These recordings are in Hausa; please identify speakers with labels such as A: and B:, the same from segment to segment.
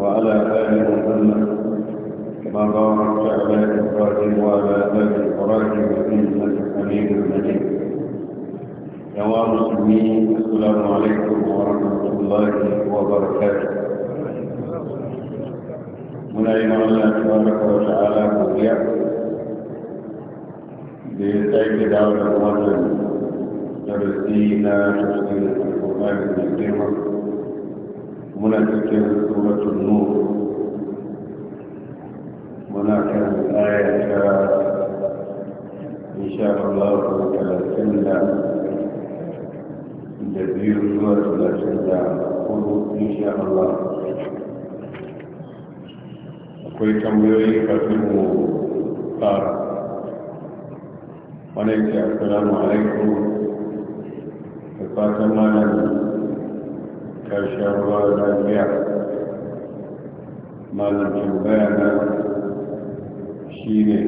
A: وعلى آل وسلم كما باركت على إبراهيم وعلى آل إبراهيم إنك حميد مجيد يا مسلمين السلام عليكم ورحمة الله وبركاته من yi الله تبارك وتعالى ta'ala godiya da ya sake dawo القرآن الكريم muna cikin suratul nur muna kan aya ta insha Allah talatin da da biyu zuwa talatin da hudu insha Allah akwai tambayoyi kafin mu fara wani ce assalamu ta sha ruwa lafiya malamin bayana shi ne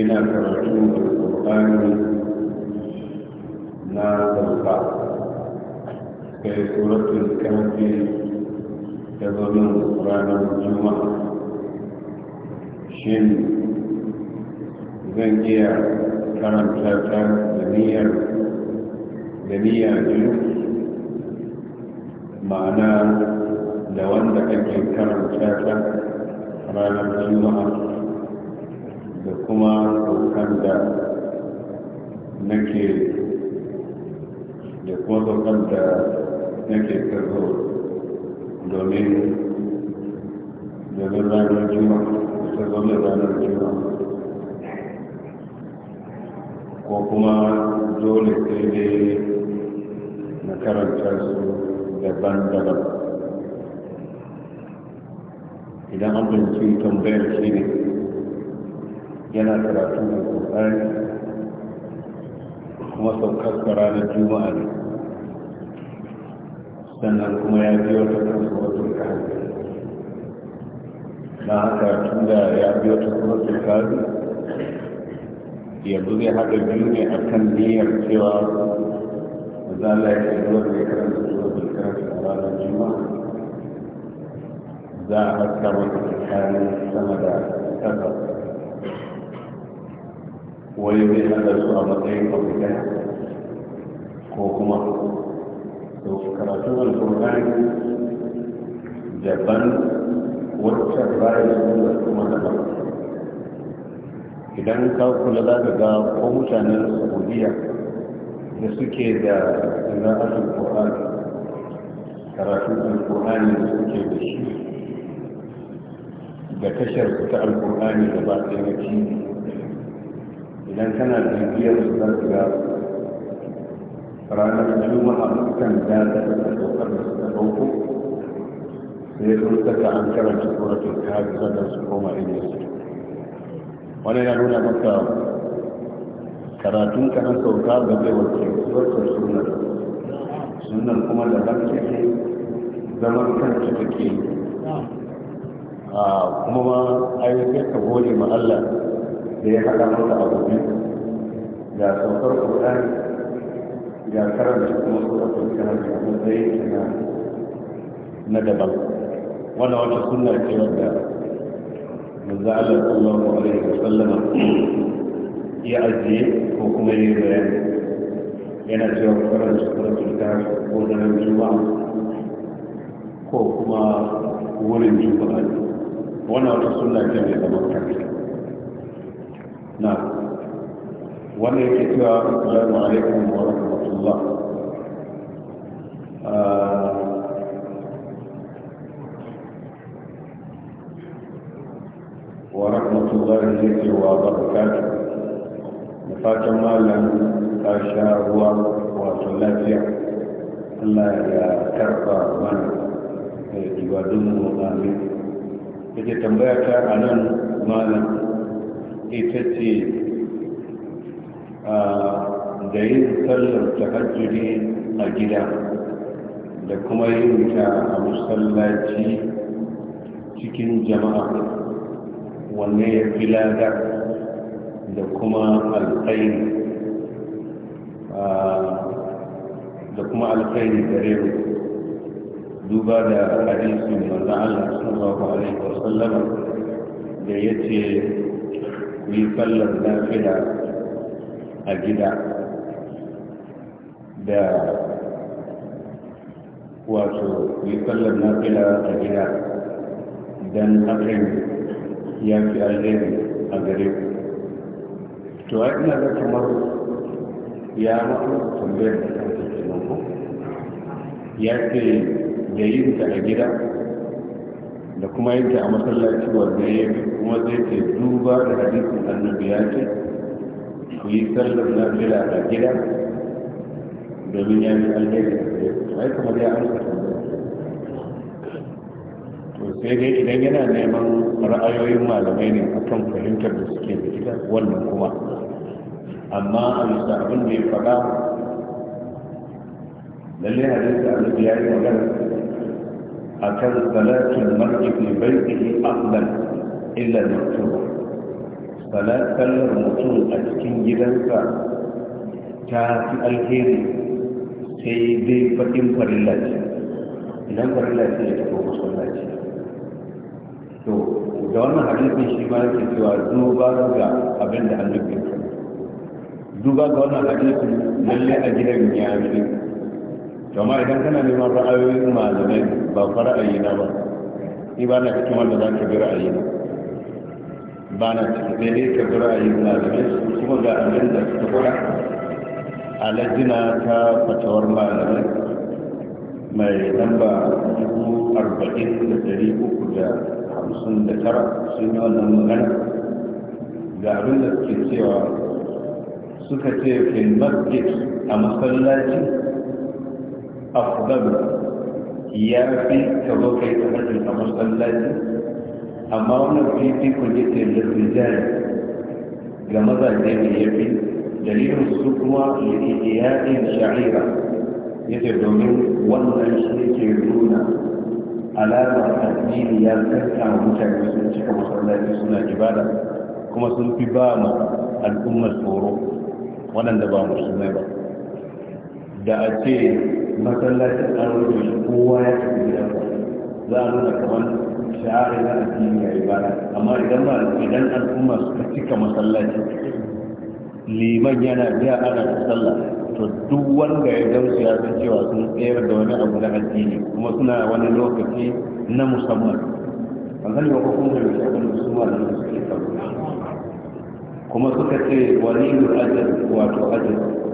A: ina karatu da ƙwari na zarba sai suratun kafi ta zaunin ranar juma'a shi zan iya karanta ta da niyyar da niyyar biyu ma'ana da wanda ake karanta ta ranar juma'a da kuma saukan da nake da kuma saukan da nake karzo domin domin ranar juma'a da ta zama ranar juma'a ko kuma dole sai dai na karanta su daban-daban idan an binci tambayar shi ne yana karatu da kokari kuma saukar ranar juma'a ne sannan kuma ya biyo ta kansu wata kafin na haka tun da ya biyo ta kuma kafin yanzu zai haɗa biyu ne a kan niyyar cewa zala ya ke zuwa da ya karanta ranar juma'a za a haska masa tsakanin sama da ƙasa wani mai hada su a matsayin kwafikan ko kuma to karatun alkur'ani daban waccan bayan suna kuma daban idan ka kula za ka ga ko mutanen saudiya da suke da zira'atul qur'ani karatu alkur'ani da suke da shi da tashar su ta alkur'ani da ba ɗaya na tv idan kana bibiyar su za su ga ranar juma'a mutan da za su ɗaukar da suka ta ɗauko sai sun saka an karanta tsoratun ta haka sannan su koma inda su wani ya nuna maka karatun ka na sauka ga zai wace tsoratun sunan sunan kuma da barke ne zaman kanta take yi ah, kuma ma ai sai ka gode ma Allah da ya haɗa maka abu biyu ga saukar Qur'ani ga karanta kuma suratul kahfi a matsayin na na daban wannan wata sunna ce wanda manzo Allah sallallahu alaihi wasallam ya ajiye ko kuma ya yi bayani yana cewa kwarar sukuratul kafi ko daren ko kuma wurin juma'a wannan wata suna ce mai zaman kanta na wannan yake cewa assalamu alaikum wa rahmatullah ah. wa rahmatullahi yake wa barakatuh fatan malam ta sha ruwa wato lafiya allah ya karba mana da ibadunmu amin yake tambaya ta a nan malam ita ce ah, da yin sallar tahajjudi a gida da kuma yin ta a musallaci cikin jama'a wanne ya fi ladar da kuma alkhairi da kuma alkhairi gare mu duba da hadisin manzo Allah sallallahu alaihi wasallam da yace ku yi sallar nafila a gida da wato ku yi sallar nafila a gida dan hakan ya fi alheri a gare ku to ai ina da kamar ya mutu tambayar da kan take nan ko ya ce da yi ta a gida da kuma yin ta a masallaci wanda ya yi kuma zai ce duba da hadisin annabi ya ce ku yi sallar nafila a gida domin ya yi alheri to ai kamar ya amsa tambayar to sai dai idan yana neman ra'ayoyin malamai ne akan fahimtar da suke da gida wannan kuma amma a bisa abin da ya faɗa lalle hadisi annabi ya yi magana a kan salatin mar'i fi baitihi afdal illa maktuba salatar mutum a cikin gidansa ta fi alheri sai dai faɗin farilla ce idan farilla ce ya tafi masallaci to da wannan hadisin shi ma yake cewa duba ga abin da annabi duba ga wannan hadisi lalle a gidan ya fi amma idan kana neman ra'ayoyin malamai ba fa na ba ni ba na cikin wanda za ka bi ra'ayina ba na cikin ne ne ka bi ra'ayin malamai su kuma ga abin da suka fara alajina ta fatawar malamai mai lamba dubu arba'in da dari uku da hamsin da tara sun yi wannan magana ga abin da suke cewa suka ce fil masjid a masallaci afdal ya fi ka zo kai tahajjud a masallaci amma wannan fifi ku ji ce lirrijal ga mazaje ne ya fi dalilin su kuma li'iyain sha'ira ce domin wannan shi ke nuna alamar addini ya karka mutane sun cika masallaci suna ibada kuma sun fi ba ma al'ummar tsoro waɗanda ba musulmai ba da a ce masallacin an rufe shi kowa ya tafi ba za a nuna kamar sha'ari na addini ya yi ba amma idan ba idan al'umma suka cika masallaci liman yana biya ana ta sallah to duk wanda ya gamsu ya san cewa sun tsayar da wani abu na addini kuma suna wani lokaci na musamman an sani ba ko kuma da shi su ma da su kuma suka ce yi ajal wato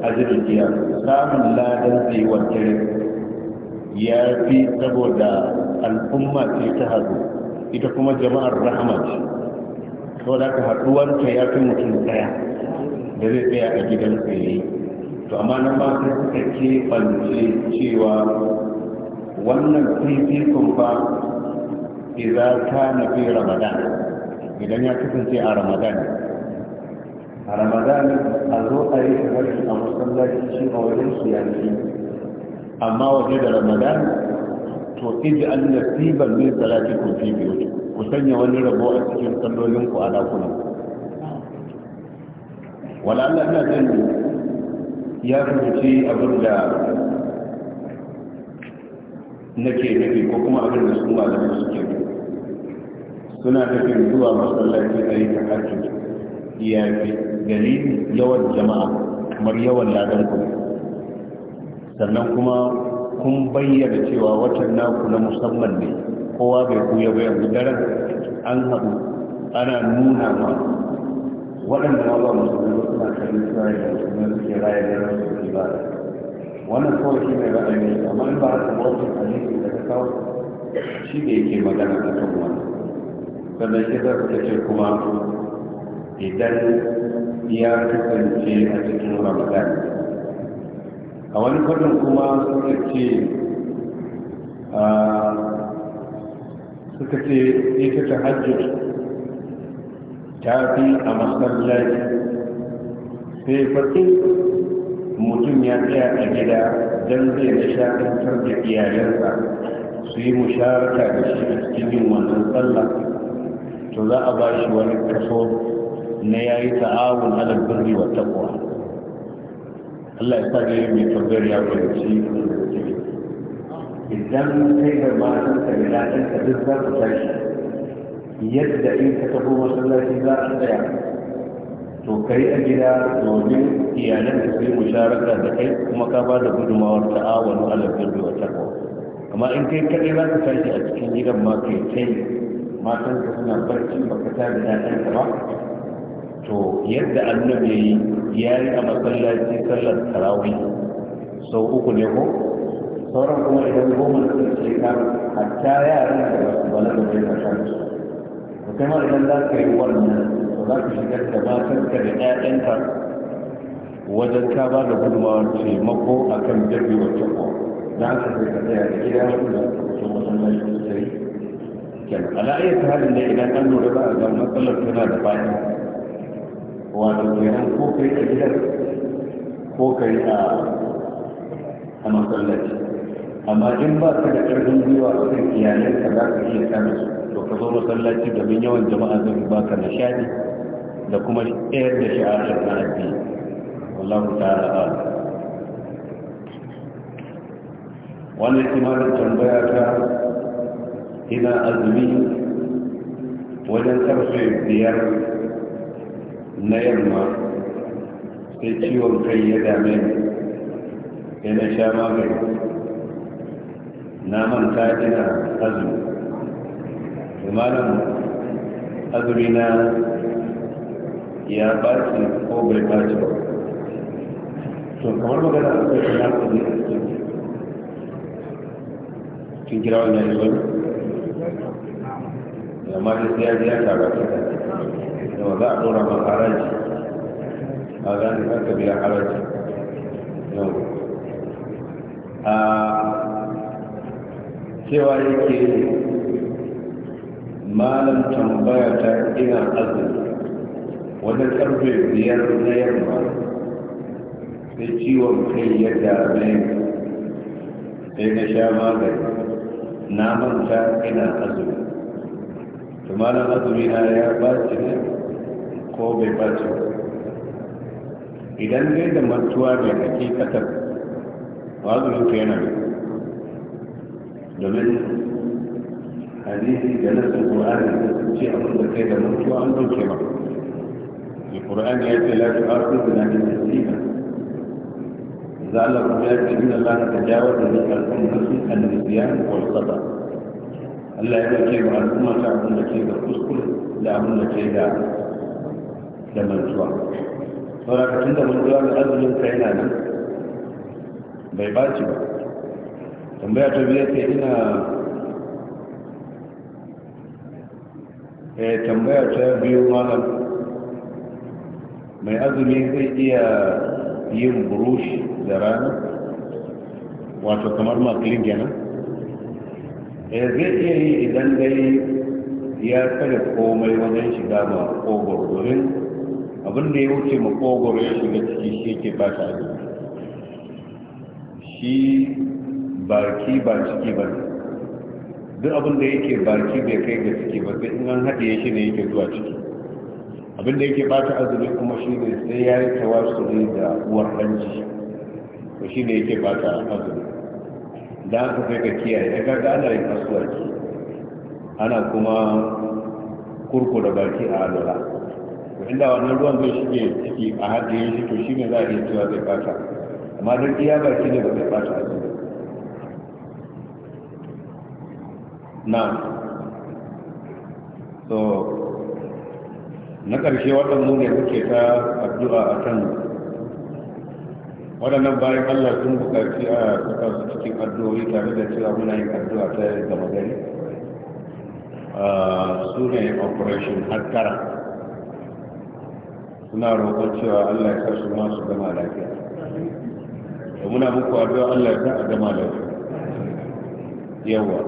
A: ajal jiya. samun ladan tsayuwar kire ya fi saboda al'umma ce ta hazu ita kuma jama'ar rahama ce saboda ka ta ya fi mutum tsaya da zai tsaya a gidan tsaye to amma na ba sai suka keɓance cewa wannan fifikon ba idan ka nafi ramadan idan ya kasance a ramadan a ramadan a zo a yi rashin a masallaci shi a wajen su yanki amma waje da ramadan to iji an nasibar min salati ku fi biyu ku sanya wani rabo a cikin sallolin ku a dakunan wala Allah ina jin ya fahimci abin da nake nufi ko kuma abin da su malamai suke nufi suna nufin zuwa masallaci a yi tahajjud ya fi gari yawan jama'a kamar yawan ladar ku sannan kuma kun bayyana cewa watan naku na musamman ne kowa bai kuya bai yanzu daren an haɗu ana nuna ma waɗanda ma ba musulmi ba suna kan isra'ila da musulmi suke raya da rasu da ba. wannan kawai shi ne ra'ayi amma in ba haka wasu hadisi da ta kawo shi da yake magana a kan wannan sannan shi za ta ce kuma idan ya kasance a cikin ramadan a wani kwanan kuma suka ce suka ce ita ta hajji ta fi a masallaci sai fasin mutum ya tsaya a gida don zai nishaɗantar da iyayensa su yi musharaka da shi a cikin yin wannan sallah to za a ba shi wani kaso na yi ta'awun ala birri wa taqwa Allah ya saka yi mai tabbar ya fahimci idan kai da masu ka da ɗan ka duk za ku tashi yadda in ka taho masallaci za ka tsaya to kai a gida domin iyalan da su yi musharaka da kai kuma ka ba da gudunmawar ta'awun ala birri wa taqwa amma in kai kaɗai za ka tashi a cikin gidan ma kai kai matan ka suna barci baka ta da ɗan ka ba to yadda annabi ya yi a masallaci sallar tarawih sau uku ne ko sauran kuma idan goma da suka ce ka hatta yaran da ba su bala da bai kasar su to kai idan za ka yi wannan to za ka shigar da matarka da ƴaƴanka wajen ka ba da ce mako a kan jirgi wa cikwa za ka sai ka tsaya da gida da su masallaci sosai kenan ala'ayyar halin da idan an lura za a ga matsalar tana da bayan wato kenan ko kai a gidan ko kai a a masallaci amma in ba ka da ƙarfin gwiwa a kan iyalanka za ka iya kare su to ka zo masallaci domin yawan jama'a zan ba ka nishadi da kuma tsayar da shi'ar na addini wallahu ta'ala a'lam wannan kimanin tambaya ta ina azumi wajen karfe biyar na yamma sai ciwon kai ya dame sai na sha magani na manta ina azumi malam azumi na ya ɓaci ko bai ɓaci ba to kamar magana a kai na kuzi a cikin cikin kira wannan yi wani amma da sai ya biya ta ta yawa za a dora ma haraji a gani za ka biya haraji yau a cewa yake malam tambaya ta ina azumi wajen karfe biyar na yamma sai ciwon kai ya dame sai na sha magani na manta ina azumi tumanin azumi na ya ba ne ko bai bace ba idan dai da mantuwa da kake katar wazirin ka yana domin hadisi da nasin ƙwararri da su ce abin da kai da mantuwa an dauke ba da ƙwararri ya ce lafi arzikin da na nufin siya za a lafi ya ce yi na lafi da jawo da ni karfin nasu a nisiya da kwalfata Allah ya dauke ba al'umma ta abin da ke da kuskure da abin da ke da da mantuwa saurakacin da mantuwa da arzikin ka yana nan bai baci ba tambaya ta biyar ce ina eh tambaya ta biyu malam mai azumi zai iya yin burushi da rana wato kamar makilin kenan E zai iya yi idan dai ya tsare komai wajen shiga ma ko domin abin da ya wuce makogoro ya shiga ciki shi ke ba shi azumi shi baki ba ciki ba duk abin da yake baki bai kai ga ciki ba sai in an haɗe shi ne yake zuwa ciki abin da yake bata azumi kuma shi ne sai ya yi ne da uwar hanci to shi ne yake bata azumi da aka kai ka kiyaye ya ga ana yin kasuwa ana kuma kurkuda baki a alwala inda wannan ruwan zai shige ciki a hadiye shi to shi ne za a iya cewa zai fata amma duk iya ba shi ne ba zai fata a zuwa na so na ƙarshe waɗannan ne suke ta addu'a a kan waɗannan bayan allah sun buƙaci a suka su cikin addu'o'i tare da cewa muna yin addu'a ta gama gari su ne operation hattara kuna roƙon cewa Allah ya sa su ma su gama lafiya da muna muku addu'a Allah ya sa a gama lafiya yawa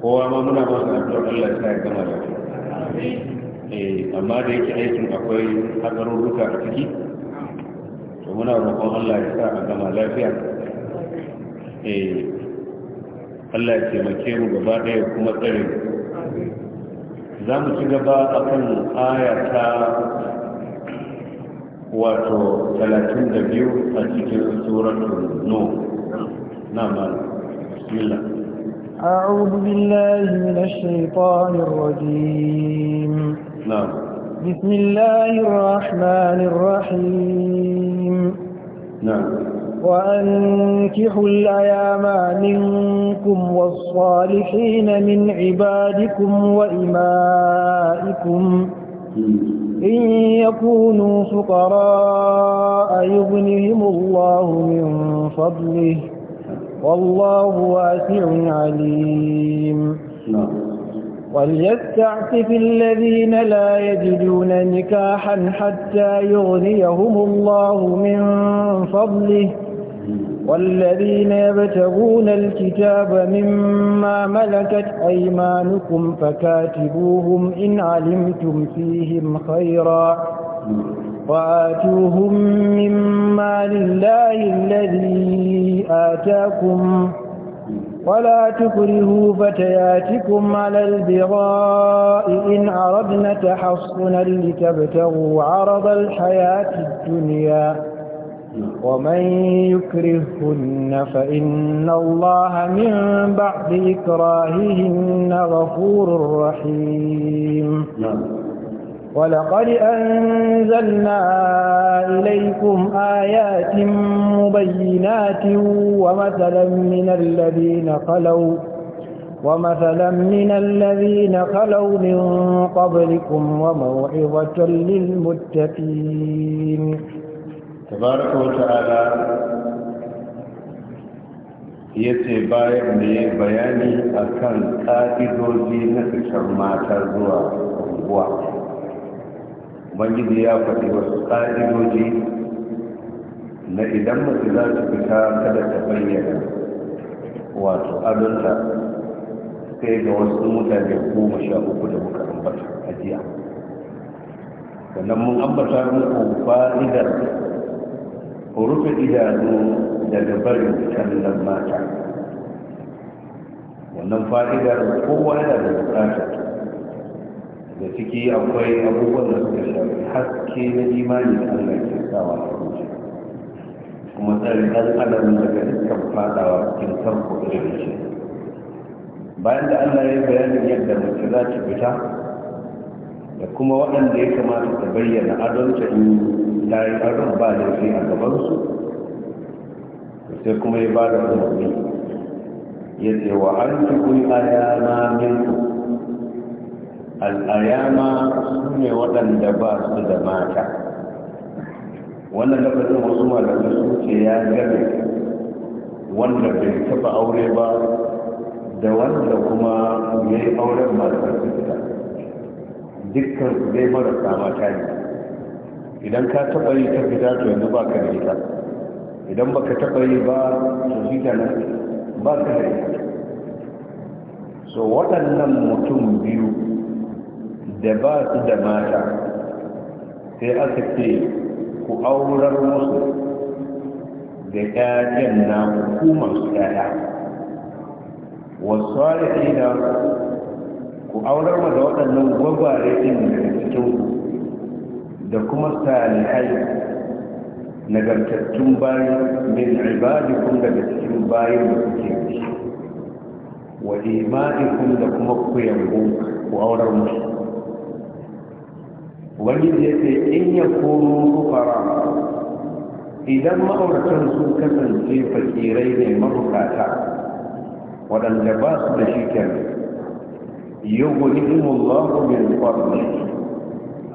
A: kowa ma muna ba su addu'a Allah ya sa ya gama lafiya eh amma da yake aikin akwai hatsarurruka a ciki to muna roƙon Allah ya sa a gama lafiya eh Allah ya taimake mu gaba ɗaya kuma tsare za mu ci gaba kan aya ta wato 32 a cikin suratul nur na mana bismillah
B: أعوذ بالله من الشيطان الرجيم نعم بسم الله الرحمن الرحيم نعم وأنكحوا الأيام منكم والصالحين من عبادكم وإمائكم م. إن يكونوا فقراء يغنهم الله من فضله والله واسع عليم نعم. وليستعفف الذين لا يجدون نكاحا حتى يغنيهم الله من فضله والذين يبتغون الكتاب مما ملكت أيمانكم فكاتبوهم إن علمتم فيهم خيرا وآتوهم مما لله الذي آتاكم ولا تكرهوا فتياتكم على البغاء إن أردنا تحصنا لتبتغوا عرض الحياة الدنيا ومن يكرهن فإن الله من بعد إكراههن غفور رحيم ولقد أنزلنا إليكم آيات مبينات ومثلا من الذين خلوا ومثلا من الذين خلوا من قبلكم وموعظة للمتقين
A: tabaraka wa ta'ala ya ce bayan da ya bayani a kan ƙa'idoji na fitar mata zuwa unguwa ubangiji ya faɗi wasu ƙa'idoji na idan mace za ta fita kada ta bayyana wato adonta sai ga wasu mutane goma sha uku da muka ambata a jiya sannan mun ambata muku fa'idar ku rufe idanu daga barin kallon mata wannan fa'idar kowa yana da bukatar da ciki akwai abubuwan da suka shafi haske na imani da allah ke sawa a kuce kuma tsarin ɗan adam daga dukkan fadawa cikin tarko irin shi bayan da allah ya bayanin yadda mace za ta fita da kuma waɗanda ya kamata ta bayyana adalci in ta yi ƙarfin ba da shi a gabansu sai kuma ya ba da umarni ya ce wa an ci kun ayyama min al'ayama su ne waɗanda ba su da mata wannan lafazin wasu malamai su ce ya gane wanda bai taɓa aure ba da wanda kuma ya yi auren masu fita dukkan su dai marasa mata ne idan ka taɓa yi ta fita to yanzu ba ka da ita idan ba ka taɓa yi ba to shi ta nan ba ka da ita so waɗannan mutum biyu da ba su da mata sai aka ce ku aurar musu da ƴaƴan na hukumar su ƴaƴa wasu na ku aurar da waɗannan gwagware ɗin da cikin da kuma salihai nagartattun bayan min ibadikum daga cikin bayan da kuke shi wa imanikum da kuma ku yango ku aurar musu wani ya ce in ya komo kufara idan ma'auratan sun kasance fakirai ne mabukata waɗanda ba su da shi kenan yau gudunmu Allah min fadlihi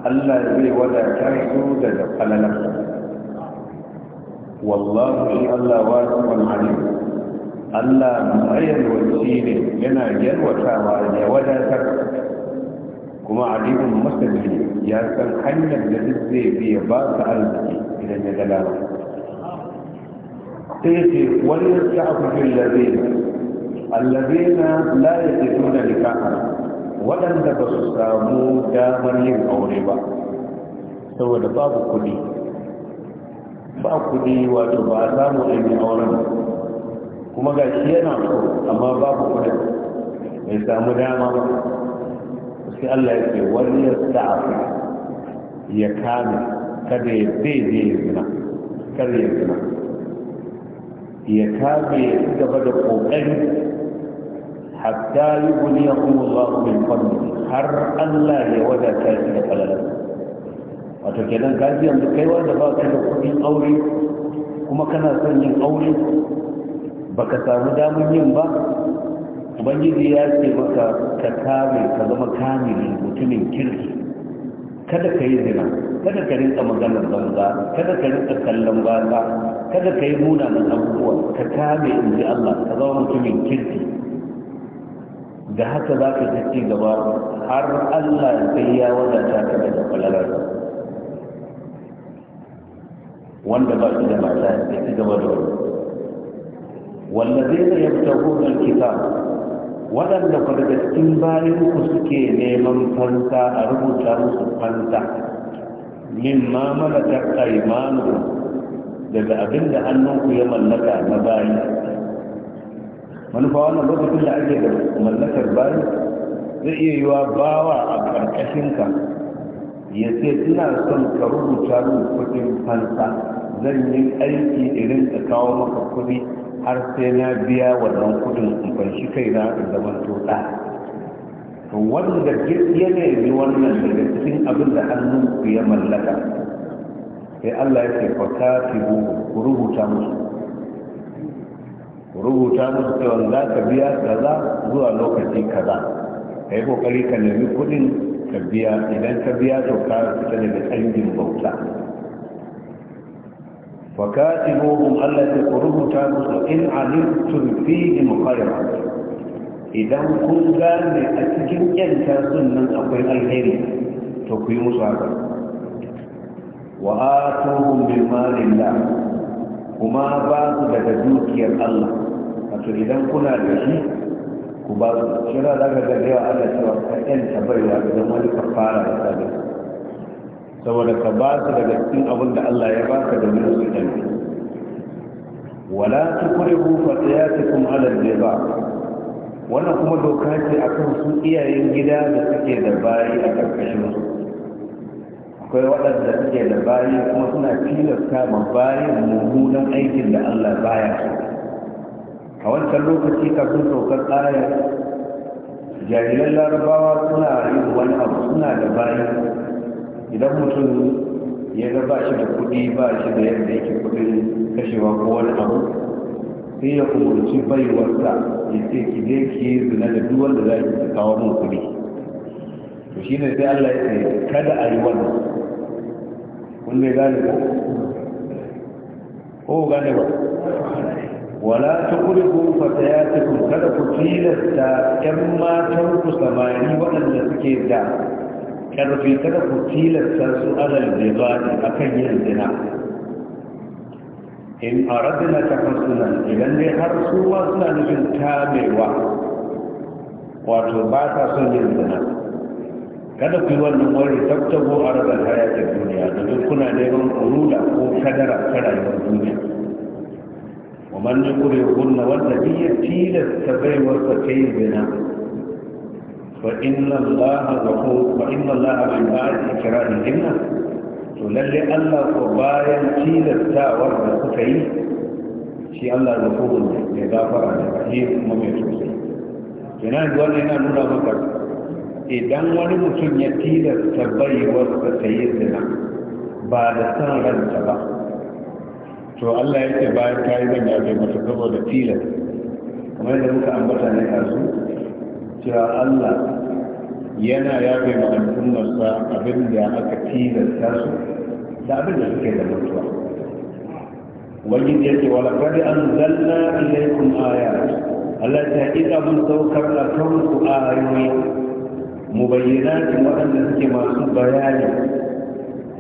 A: Allah zai wadata su daga falalarsa wallahu shi Allah wasi'un alim Allah mayalwaci ne yana yalwatawa ya wadatar kuma alimin masani ya san hanyar da duk zai biya ba su arziki idan ya gada ba sai ce wani ya ci abu allazina la yajiduna nikahan waɗanda ba su samu damar yin aure ba saboda babu kuɗi ba kuɗi wato ba a samu ɗin auren kuma ga shi yana so amma babu kudi bai samu dama ba sai Allah ya ce wani ya sa'afi ya kame kada ya daidai ya zina kada ya zina ya kame ya gaba da ƙoƙari hatta yi wani ya kuma zuwa har Allah ya ta shi da falalar wato kenan ka ji yanzu kai wanda ba ka da kuɗin aure kuma kana son yin aure baka samu damar yin ba ubangiji ya ce maka ka kame ka zama kamili mutumin kirki kada ka yi zina kada ka rinka maganar banza kada ka rinka kallon banza kada ka yi munanan abubuwa ka kame in ji Allah ka zama mutumin kirki da haka za ka tafi gaba har allah sai ya wadata ka daga falalar wanda ba shi da mata ya ci gaba da wani zai da ya fita hudun kita waɗanda ku daga cikin bayan ku suke neman fanta a rubuta musu fanta min ma malakar kaimanu daga abin da hannunku ya mallaka na bayan wani fa wannan lokacin da ake da mallakar bayi zai iya yiwa bawa a ƙarƙashinka ya ce ina son ka rubuta min kuɗin fansa zan yi aiki irin ka kawo maka kuɗi har sai na biya wannan kudin in fanshi kaina in zama to wanda ya nemi wannan daga cikin abin da hannun ku ya mallaka sai Allah ya ce fa ku rubuta musu rubuta musu cewa za ka biya kaza zuwa lokaci kaza ka yi kokari ka nemi kudin ka biya idan ka biya to ka fita daga canjin bauta wa katibuhum allati rubuta musu in alimtum fihim khairan idan kun gane a cikin yanta sunan akwai alheri to ku yi musu haka wa atuhum min malillah kuma ba su daga dukiyar Allah to idan kuna da shi ku ba su shira za ka gaza yawa ana cewa kaɗan tabarwa idan wani ka fara da sabi saboda ka ba su daga cikin abin da Allah ya baka domin su ɗanfi wala ta kure hufa ta ya ta kuma alar ba wannan kuma doka ce akan su iyayen gida da suke da bayi a ƙarƙashin su akwai waɗanda suke da bayi kuma suna tilasta ma bayan mummunan aikin da Allah baya so a wancan lokaci kafin saukar ayar jahilan larabawa suna yin wani abu suna da bayi idan mutum ya ga ba shi da kuɗi ba shi da yadda yake kudin kashewa ko wani abu sai ya kumurci baiwarsa ya ce ki zai ki zina da duk wanda za ki kawo mun kudi to shi ne sai Allah ya ce kada a yi wannan kun ne gane ba ko gane ba wala tuqribu fatayatikum kada ku tilasta ƴan matan ku samari waɗanda suke da karfi kada ku tilasta su alal bibani akan yin zina in a aradna tafassulan idan dai har su ma suna nufin kamewa wato ba ta son yin zina kada ku yi wannan wani tattabo a rabar hayatar duniya domin kuna neman kurula ko kadara ta rayuwar duniya wa man yuri kunna wanda ya tilasta baiwar sa kai zina fa inna allaha ghafur fa inna allaha min ba'di ikrahi to lalle Allah ko bayan tilastawar da suka yi Allah ne gafara kuma tausayi nuna maka idan wani mutum ya tilasta baiwar ta kai zina ba da san ranta ba to Allah ya ce bayan ta yi zan yafe mata saboda tilas kamar yadda muka ambata ne a su cewa Allah yana yafe ma al'ummarsa abin da aka tilasta su da abin da suke da mutuwa wajen ya ce wala kadi an zalla ilaikum ayat Allah ta idan mun saukar da kanku ayoyi mubayyana waɗanda suke masu bayani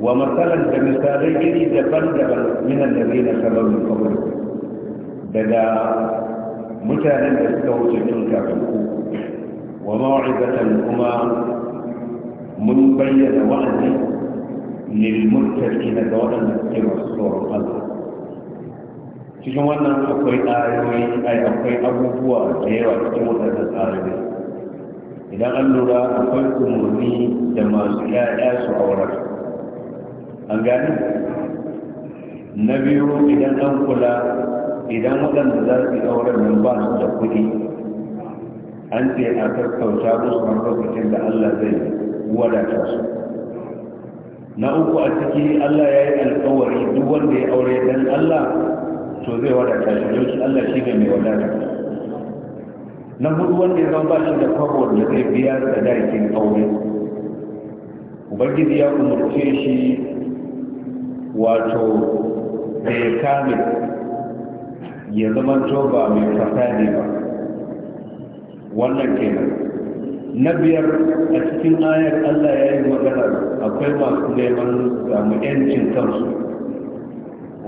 A: ومثلا بمثالي جدي دفن من الذين خلوا من قبل بدا مثالا بسكو جدون كابنكو وموعدة الأمام من بين وعد للمتكين دورا في مصدور الله شو اقوي ايوي اي اقوي ابو بوا جيوا كتمو اذا قلنا لا اقوي دماغ لا اسو اورك an gani na biyu idan an kula idan waɗanda za su yi auren nan ba su da kuɗi an ce a tattauta musu a lokacin da allah zai wadata su na uku a ciki allah ya yi alkawari duk wanda ya aure dan allah to zai wadata shi don shi allah shi ne mai wadata na hudu wanda ya ba shi da kwabo da zai biya da dakin aure ubangiji ya umarce shi wato ya kame ya zama ba mai fasadi ba wannan kenan na biyar a cikin ayar allah ya yi magana akwai masu neman samu yancin kansu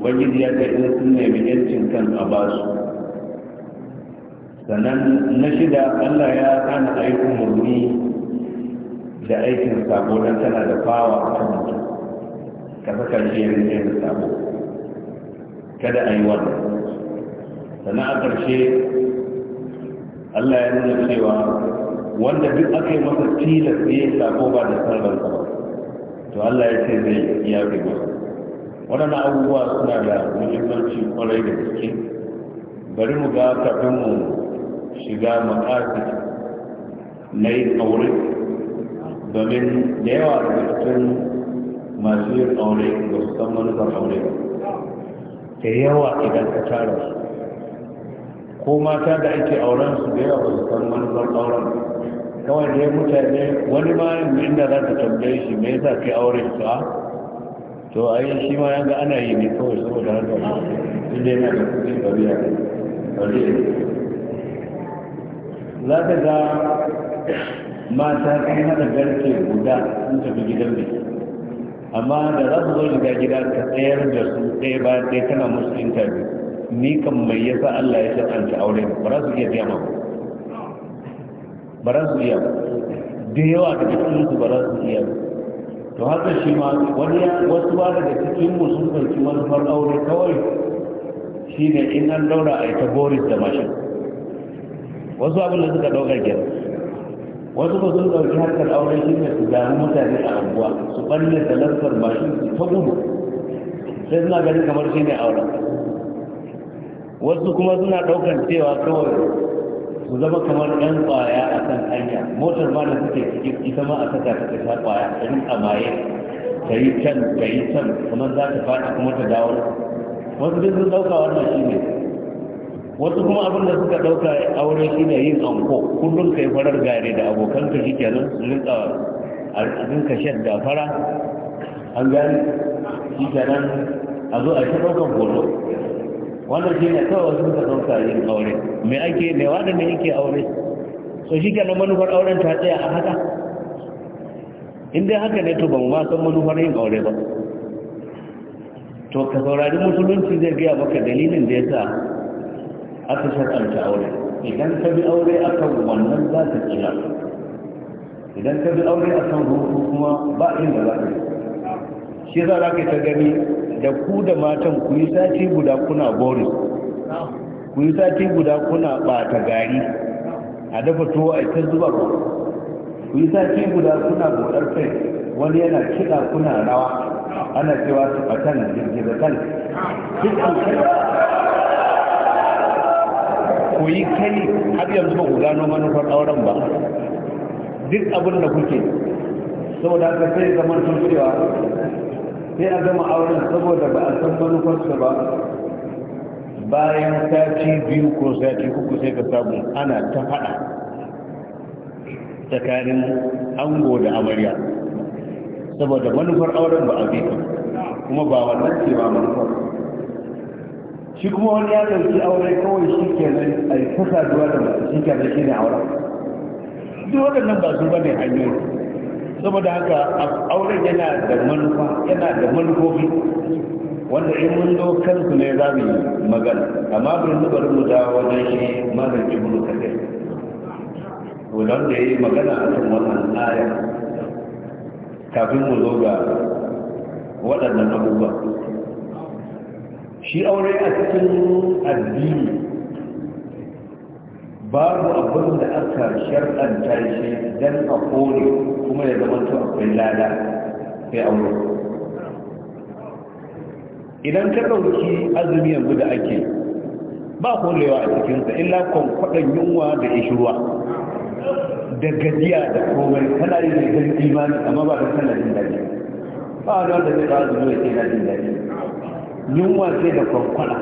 A: ubangiji ya ga in sun nemi yancin kan a basu sannan na shida allah ya hana aikin murni da aikin sabo don tana da fawa a kan mutum ka saka shi ya sabo kada a yi wannan sannan a ƙarshe Allah ya nuna cewa wanda duk aka yi masa tilas ya yi sabo ba da sarrar ba to Allah ya ce zai iya fi masa abubuwa suna da muhimmanci kwarai da gaske bari mu ga kafin mu shiga makasik na yin aure domin da yawa daga cikin masu yin aure ba su san manufar aure ba da yawa idan ka tara su ko mata da ake auren su da yawa su san manufar auren kawai da ya mutane wani ma inda za ta tambaye shi me yasa kai aure su a ah, to a yi shi ma ga ana yi ne kawai saboda haka inda yana da kuɗi ba biya ba za ta ga mata kai hada garke guda sun tafi gidan biki amma da za su zo shiga gida ka tsayar da su ɗaya ba ɗaya kana musu intabi ni kan mai yasa Allah ya shaɗanta aure ba za su iya biya ma ba za su iya ba da yawa daga cikin su ba za su iya ba to haka shi ma wani wasu ba daga cikin mu sun ɗauki manufar aure kawai ne in an daura a ita boris da mashin wasu abin da suka ɗaukar kenan wasu ba sun ɗauki harkar aure shi ne su gano mutane a abuwa su ɓanne da lantar mashin su ta gudu sai suna ganin kamar shi ne auren wasu kuma suna ɗaukar cewa kawai su zama kamar ɗan ƙwaya a kan hanya motar ma da suke cikin ita ma a saka ta kasa ƙwaya ta yi amaye ta yi can ta yi can kamar za ta faɗi kuma ta dawo wasu duk sun ɗauka wannan shi ne wasu kuma abin da suka dauka aure shi ne yin anko kullum kai farar gare da abokan ka shi kenan su rinka a rinka da fara an gani shi kenan a zo a shi daukan hoto wannan shi ne kawai wasu suka dauka yin aure me ake me wanda me yake aure so shi kenan manufar auren ta tsaya a haka in dai haka ne to ban ma san manufar yin aure ba to ka saurari musulunci zai gaya maka dalilin da ya sa aka shar'anta aure idan ka bi aure akan wannan za ta tsira idan ka bi aure akan ruhu kuma ba inda za ka yi shi za ka ta gani da ku da matan ku yi sati guda kuna bori ku yi sati guda kuna ɓata gari a dafa tuwo a ta zuba ba ku yi sati guda kuna godar kai wani yana kiɗa kuna rawa ana cewa su jirgin kan girgizatan duk kai koyi kai har yanzu ba ku gano manufar auren ba duk abin da kuke saboda haka sai zama cewa sai a gama auren saboda ba a san manufarsa ba bayan sati biyu ko sati uku sai ka samu ana ta faɗa tsakanin ango da amarya saboda manufar auren ba a bi kuma ba wannan ce ba manufar shi kuma wani ya ɗauki aure kawai shi ke nan a yi ta zuwa da masu shi ke zai shi ne duk waɗannan ba su bane hanyoyi saboda haka aure yana da manufa yana da manufofi wanda in mun zo kansu ne za mu yi magana amma bai bari mu dawo wajen shi malam ibnu kadir wannan da yayi magana a kan wannan ayar kafin mu zo ga waɗannan abubuwa shi aure a cikin addini babu abin da aka sharɗanta shi don a kone kuma ya zama to akwai lada sai aure idan ka ɗauki azumi yanzu da ake ba kolewa a cikinsa illa kwankwaɗon yunwa da ishiruwa da gajiya da komai kana yi da imani amma ba da kana jin daɗi ba a da zai ba zuwa ke na jin daɗi yunwa sai da kwankwala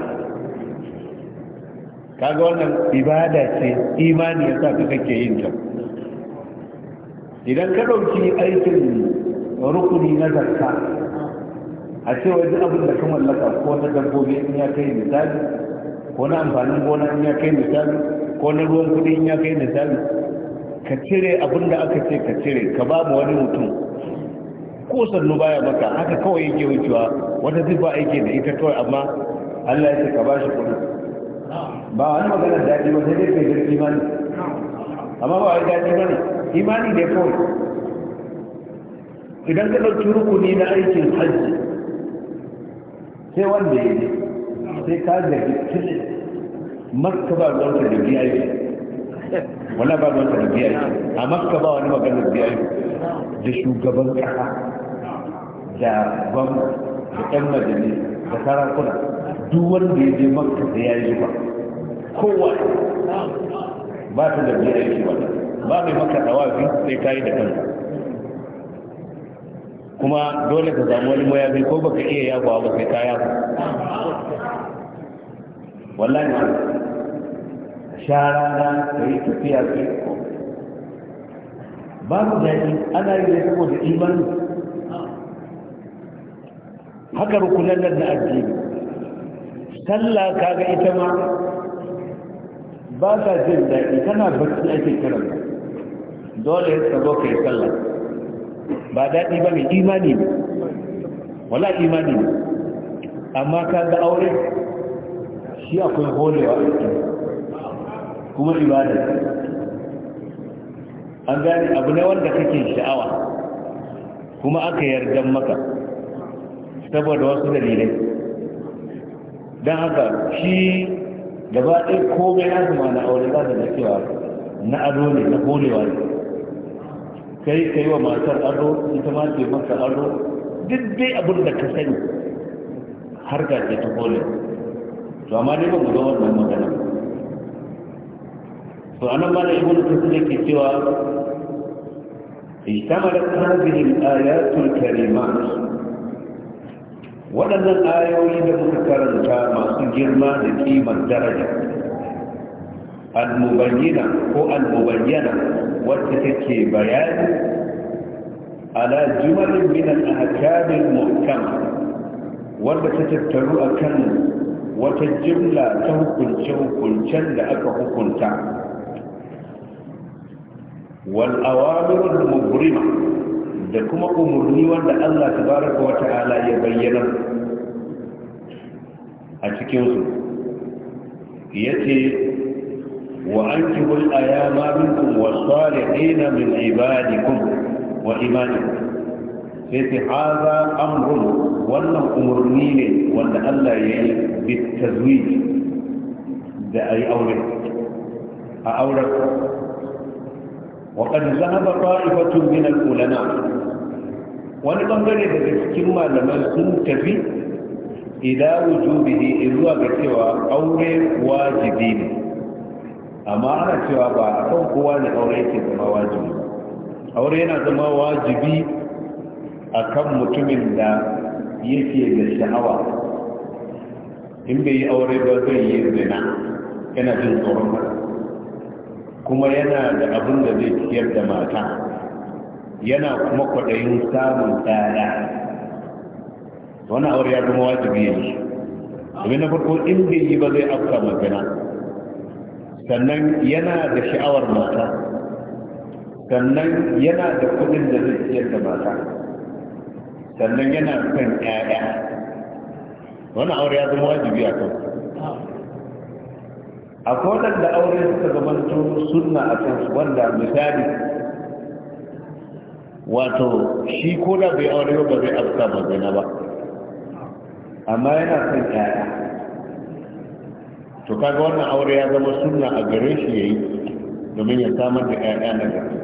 A: kaga wannan ibada ce imani ya sa ke yin ta idan ka ɗauki aikin rukuni na zarta a ce wajen abin da ka mallaka ko na dabbobi in ya kai misali ko na amfanin gona in ya kai misali ko na ruwan kuɗi in ya kai misali ka cire abin da aka ce ka cire ka ba mu wani mutum ko sannu baya maka haka kawai yake wucewa wata ba aiki da ita kawai amma Allah ya ce ka bashi kudi ba wani magana daɗi ba sai dai kai imani amma ba wani daɗi ba ne imani ne kawai idan ka ɗauki rukuni na aikin hajji sai wanda ya yi sai ka zargi tuni makka ba ka da biya yi wala ba ka da biya yi a makka ba wani magana biya yi da shugaban ƙasa da ban da ƴan majalis da sarakuna duk wanda ya je makka da ya yi ba kowa ba ta da biya yake ba ba mai maka wafi sai yi da kanka kuma dole ka samu wani mayafi ko baka iya yaguwa ba sai ta yaku wallahi ma shara na kai tafiya Ba ko da daɗi ana yi ne saboda imanin haka rukunan nan na addini sallah kaga ita ma ba ta jin daɗi tana barci ake kiran dole ka zo kai sallah ba daɗi ba mai imani ne wala imani ne amma ka ga aure shi akwai holewa a cikin kuma ibada an gani abu ne wanda kake sha'awa kuma aka yarda maka saboda wasu dalilai don haka shi gaba ɗaya komai na zama na aure za da cewa na ado ne na gonewa ne kai kai wa matar ado ita ma ce maka ado duk dai abin da ka sani har ga ce ta gole to amma dai ba mu ga wannan magana to anan ma da ibnu kasir ke cewa اجتملت هذه ayatul الكريمات waɗannan ayoyi da muka karanta masu girma da kimar daraja al-mubayyana ko al-mubayyana wacce take bayani ala jumalin min al-ahkam al wanda ta tattaru akan wata jimla ta hukunce hukuncen da aka hukunta wal awamir al-mubrima da kuma umarni wanda Allah tabaraka wa ta'ala ya bayyana a cikinsu ya ce wa an kibul ayama minkum was-salihina min ibadikum wa imanikum sai ce haza amrun wannan umarni ne wanda Allah ya yi bitazwij da ayi aure a auren وقد ذهب طائفة من العلماء wani bangare daga cikin malaman sun tafi ila wujubihi zuwa ga cewa aure wajibi ne amma ana cewa ba a kan kowa ne aure yake zama wajibi aure yana zama wajibi a kan mutumin da yake da sha'awa in bai yi aure ba zai yi zina yana jin tsoron kuma yana da abin da zai ciyar da mata yana kuma kwaɗayin samun tsada wani aure ya zama wajibi ya yi domin na farko in bai yi ba zai afka magana sannan yana da sha'awar mata sannan yana da kudin da zai ciyar da mata sannan yana kan ƴaƴa wani aure ya zama wajibi a kan akwai waɗanda aure suka zama sunna a kan wanda misali wato shi ko da bai aure ba zai afka ba ba amma yana son ƴaƴa to kaga wannan aure ya zama sunna a gare shi yayi domin ya samar da ƴaƴa na gari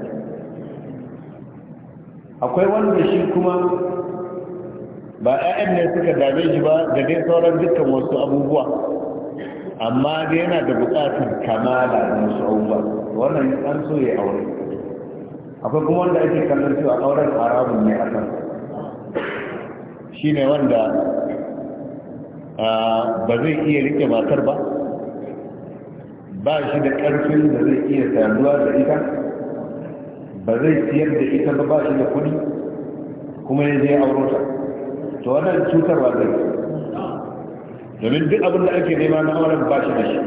A: akwai wanda shi kuma ba 'ya'yan ne suka dame shi ba da dai sauran dukkan wasu abubuwa amma dai yana da buƙatar kamala da wasu abubuwa wannan an so ya aure akwai kuma wanda ake kallon cewa auren haramun ne a kan shi ne wanda ba zai iya rike matar ba ba shi da ƙarfin da zai iya saduwa da ita ba zai siyar da ita ba ba shi da kuɗi kuma ya je aurota. ta to wannan cutarwa zai domin duk abin da ake nema na auren ba shi da shi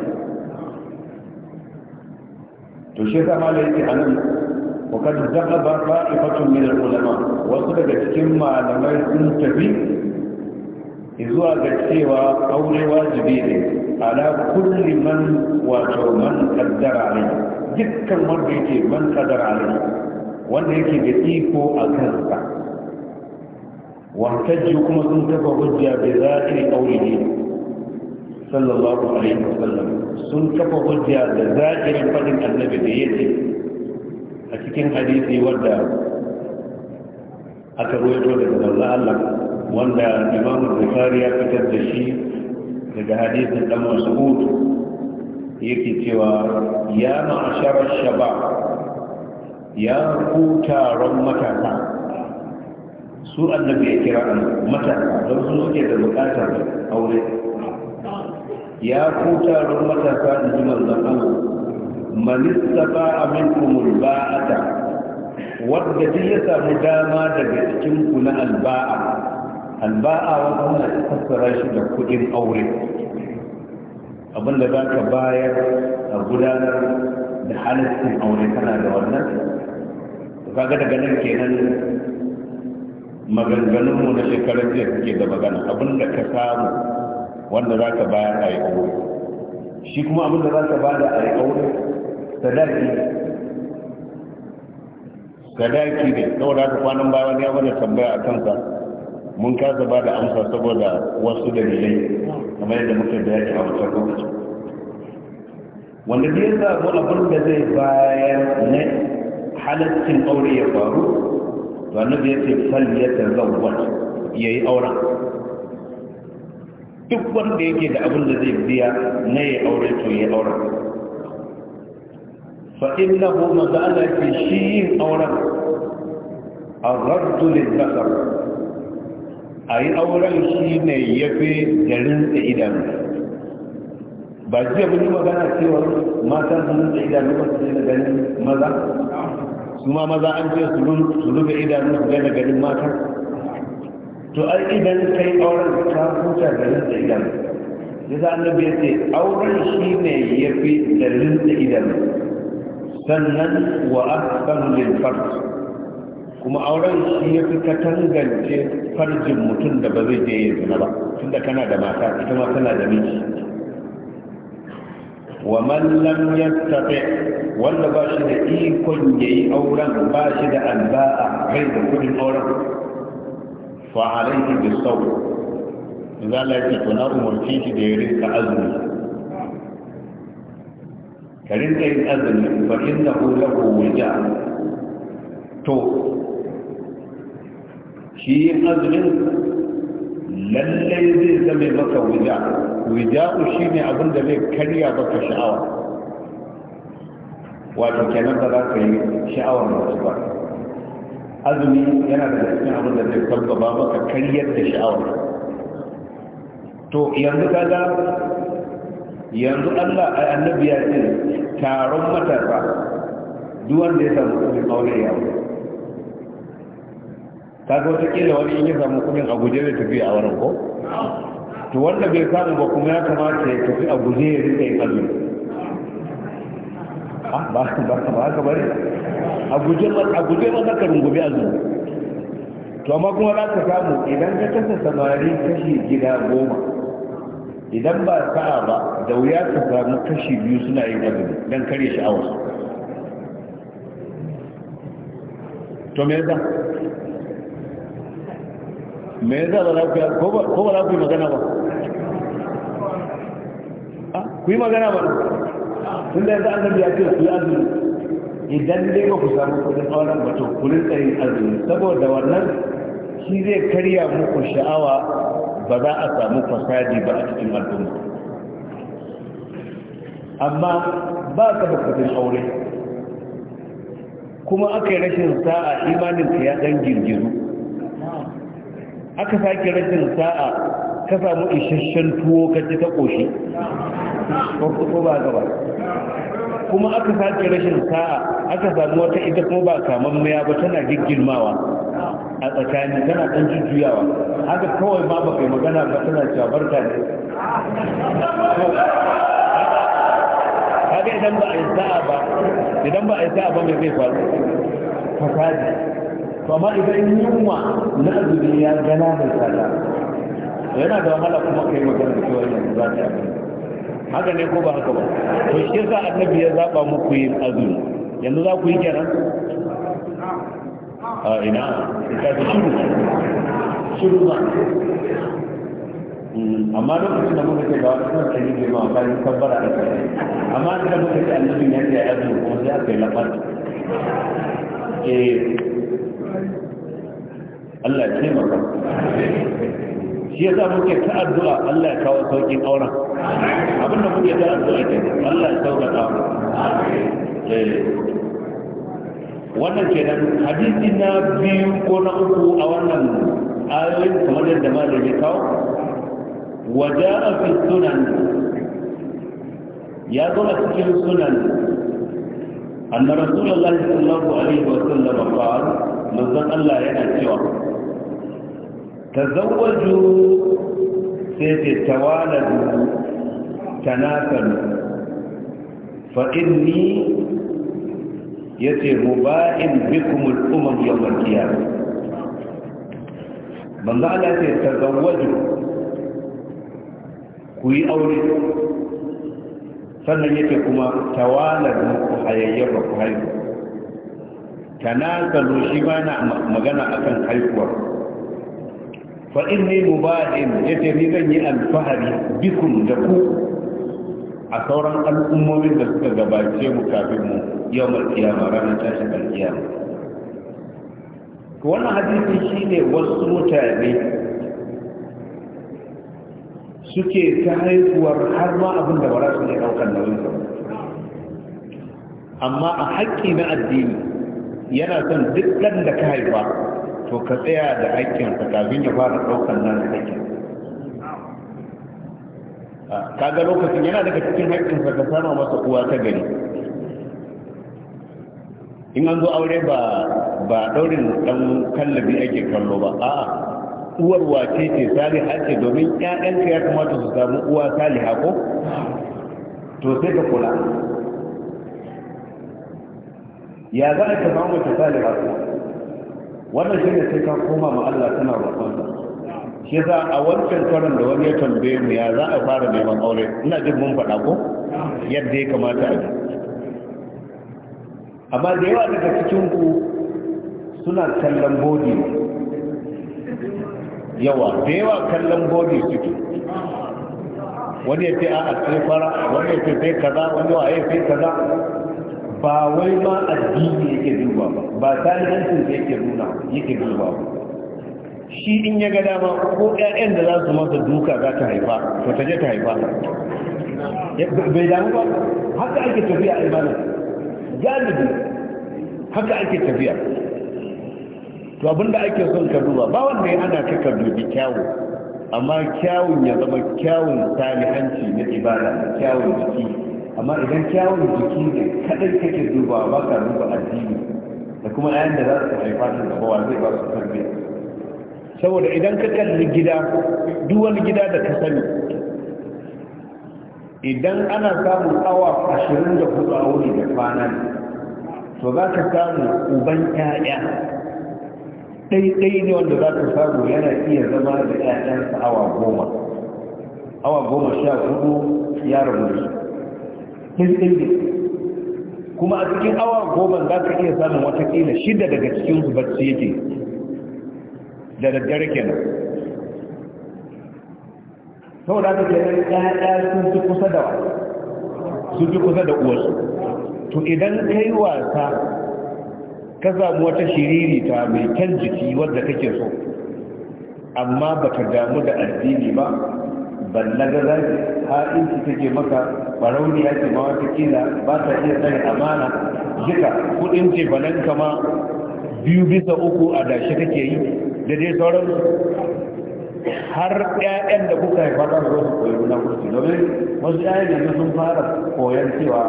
A: to shi zama da yake a nan وقد ذهب طائفة من العلماء وصدق كما لما يكون تبي izuwa ga cewa aure wajibi ne ala kulli man wato man kaddara ne dukkan wanda man kaddara ne wanda yake da iko a kansa wantajji kuma sun kafa hujja bi zahiri qawlihi sallallahu sun hujja da zahirin fadin annabi da yake a cikin hadisi wanda aka ruwaito daga manzo Allah wanda Imam Bukhari ya fitar da shi daga hadisin dan Mas'ud yake cewa ya ma'ashara shabab ya ku taron matasa su annabi ya kira matasa don sun suke da bukatar aure ya ku taron matasa in ji manzon Allah manistaba minkum alba'ata wadda duk ya samu dama daga cikin ku na alba'a alba'a wanda ya fassara shi da kudin aure abinda za ka bayar a gudanar da halin aure kana da wannan kaga daga nan kenan maganganunmu na shekarar jiya suke da magana abinda ka samu wanda za ka bayar a yi aure shi kuma abin da za ka ba da a sadaki sadaki ne saboda haka kwanan baya wani ya da tambaya a kansa mun kasa ba da amsa saboda wasu da dalilai kamar yadda muke bayani a wancan lokaci wanda biyar za a abin da zai bayar na halittin aure ya faru to annabi ya ce fal ya ya yayi auren duk wanda yake da abin da zai biya na ya aure to ya aure fa innahu mazala fi shi yin auren ar lil-basar ayi aure shi ne yafi garin da idan ba jiya da magana cewa mata sun da idan ba su da ganin maza kuma maza an ce su rufe idan su ga garin mata to ai idan kai auren ta huta da rinsa idan ya za annabi ya ce auren shi ne ya fi da rinsa idan sannan wa a lil farj kuma auren shi ya fi ka tangance farjin mutum da ba zai je ya zina ba tunda kana da mata ita ma tana da miji wa mallam ya yastati wanda ba shi da ikon ya yi auren ba shi da alba'a kai da kudin auren fa alaihi bisaw manzo Allah yake to na umarci shi da ya rinka azumi ka rinka yin azumi fa innahu lahu wija to shi yin azumin lallai zai zame maka wija wija'u shine abin da zai karya baka sha'awa wato kenan ba za ka yi sha'awar mutu ba azumi yana da cikin abin da zai ba maka karyar da sha'awar to yanzu kaga yanzu allah a annabi ya ce taron matasa duk wanda ya samu kumin aure ya wuce kaga kila wani in ya samu kumin a guje zai tafi a wurin ko to wanda bai samu ba kuma ya kamata ya tafi a guje ya rika yin azumi ba haka bari a guje masa ka rungume a zuwa to amma kuma za ka samu idan ka kasa samari kashi gida goma idan ba sa'a ba da wuya ka samu kashi biyu suna yin azumi don kare sha'awar to me yasa me yasa ba za ku ko ba za ku yi magana ba ah, ku yi magana ba tun da yanzu annabi ya ce ku yi azumi idan dai ba ku samu kudin auren ba to ku rinka yin azumi saboda wannan shi zai karya muku sha'awa ba za a samu fasadi ba a cikin al'umma amma ba ka da kudin aure kuma aka yi rashin sa'a imanin ka ya dan girgizu aka sake rashin sa'a ka samu isasshen tuwo ka ji ka koshi ko ba gaba kuma aka sake rashin sa'a aka samu wata ita kuma ba kamammiya ba tana giggirmawa a tsakani tana ɗan jujjuyawa haka kawai ma ba kai magana ba tana cewa barka ne kaga idan ba a yi sa'a ba idan ba a yi sa'a ba mai zai faru fasadi to amma idan yunwa na azumi ya gana da sada yana da wahala kuma kai magana da cewa yanzu za ta yi haka ne ko ba haka ba to shi yasa annabi ya zaba muku yin azumi yanzu za ku yi kenan
C: a ina ka ji shiru shiru ba
A: hmm, amma lokacin da muka ce ba wani kan sani bai a ba ni kabbara da kai amma da muka ce annabi ya ce azumi kuma sai aka yi lafar ke eh. Allah ya taimaka
C: shi yasa muke ta addu'a Allah ya kawo saukin auren
A: Wannan da kuke jira da yake Allah ya eh. wannan kenan hadisi na biyu ko na uku a wannan ayoyin kamar yadda malam ya kawo waja a fi sunan ya zo a cikin sunan anna rasulullahi sallallahu alaihi wa sallam fa manzon Allah yana cewa tazawwaju sai ta tawala tanasalu fa inni yace muba'in bikum al-umam yawm al-qiyamah manzo Allah ya ce tazawwaju ku yi aure sannan yake kuma da ku hayayyafa ku haihu tanakalu shi ba na magana akan haihuwa fa inni mubadin yace ni zan yi alfahari bikum da ku a sauran al'ummomin da suka gabace mu kafin mu yau malkiyama ranar tashin alkiyama wannan hadisi shi ne wasu mutane suke ta haihuwar har ma abin da ba za su ne daukan nauyin ba. amma a haƙƙi na addini yana son duk ɗan da ka haifa to ka tsaya da haƙƙinsa kafin ya fara ɗaukar nan haƙƙin kaga lokacin yana daga cikin haƙƙinsa ka sama masa uwa ta gari in an zo aure ba ba daurin dan kallabi ake kallo ba a'a uwar wace ce saliha ce domin ƴaƴanka ya kamata su samu uwa saliha ko to sai ka kula ya za ka samu mace saliha ko wannan shine sai ka koma ma Allah kana roƙonsa shi za a wancan karon da wani ya tambaye mu ya za a fara neman aure ina jin mun faɗa ko yadda ya kamata a ji amma da yawa daga cikin ku suna kallon bodi
C: yawa da yawa kallon bodi suke wani ya ce a sai fara wani ya ce sai kaza wani ya sai kaza ba wai ma
A: addini yake duba ba ba tarihin yake nuna yake duba ba shi in ya ga dama ko ƴaƴan da za su masa duka za ta haifa to ta je ta haifa bai damu ba haka ake tafiya a imanin galibi haka ake tafiya to abinda ake son ka duba ba wanda ya ana ka dubi kyawu amma kyawun ya zama kyawun salihanci na ibada kyawun jiki amma idan kyawun jiki ne kadai kake dubawa ba ka duba addini da kuma ƴaƴan da za su haifa da gaba zai ba su tarbiyya saboda idan ka kalli gida duk wani gida da ka sani idan ana samun awa ashirin da hudu a wuri da kwana to za ka samu uban 'ya'ya ɗaiɗai ne wanda za ka samu yana iya zama da 'ya'yansa awa goma awa goma sha hudu ya rabu ɗaiɗai ne kuma a cikin awa goma za ka iya samun watakila shida daga cikin su bacci yake da daddare nan sau da suke nan ƴaƴa sun fi kusa da sun fi kusa da uwarsu to idan kai wasa ka samu wata shiririta mai kan jiki wadda kake so amma ba ka damu da addini ba ballagarar ha'inci take maka barauniya ce ma kila ba ta iya tsaye amana jika kudin ce bananka ma biyu bisa uku a dashe kake yi da dai sauran har ƴaƴan da kuka haifa za su zo su koyi munafurci domin wasu ƴaƴan yanzu sun fara koyon cewa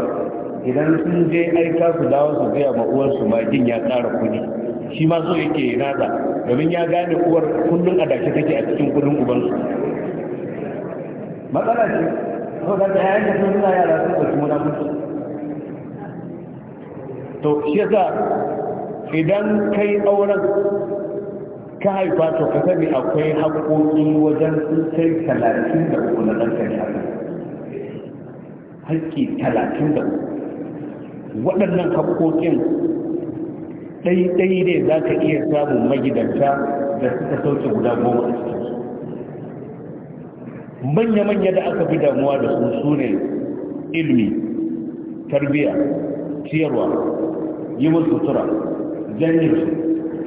A: idan sun je aika su dawo su gaya ma uwarsu magin ya tsara kuɗi shi ma so yake nasa, domin ya gane uwar kullum a dace take a cikin kudin ubansu matsala ce ko da ta yayin da sun suna yara sun ɗauki munafurci to shi yasa idan kai auren ka haifa to ka sani akwai haƙoƙi wajen sun talatin da uku na ɗan kai haka haƙƙi talatin da uku waɗannan haƙoƙin ɗaiɗai ne za ka iya samun magidanta da suka sauke guda goma a cikin manya-manya da aka fi damuwa da su su ne ilmi tarbiyya ciyarwa yi musu sutura janyar su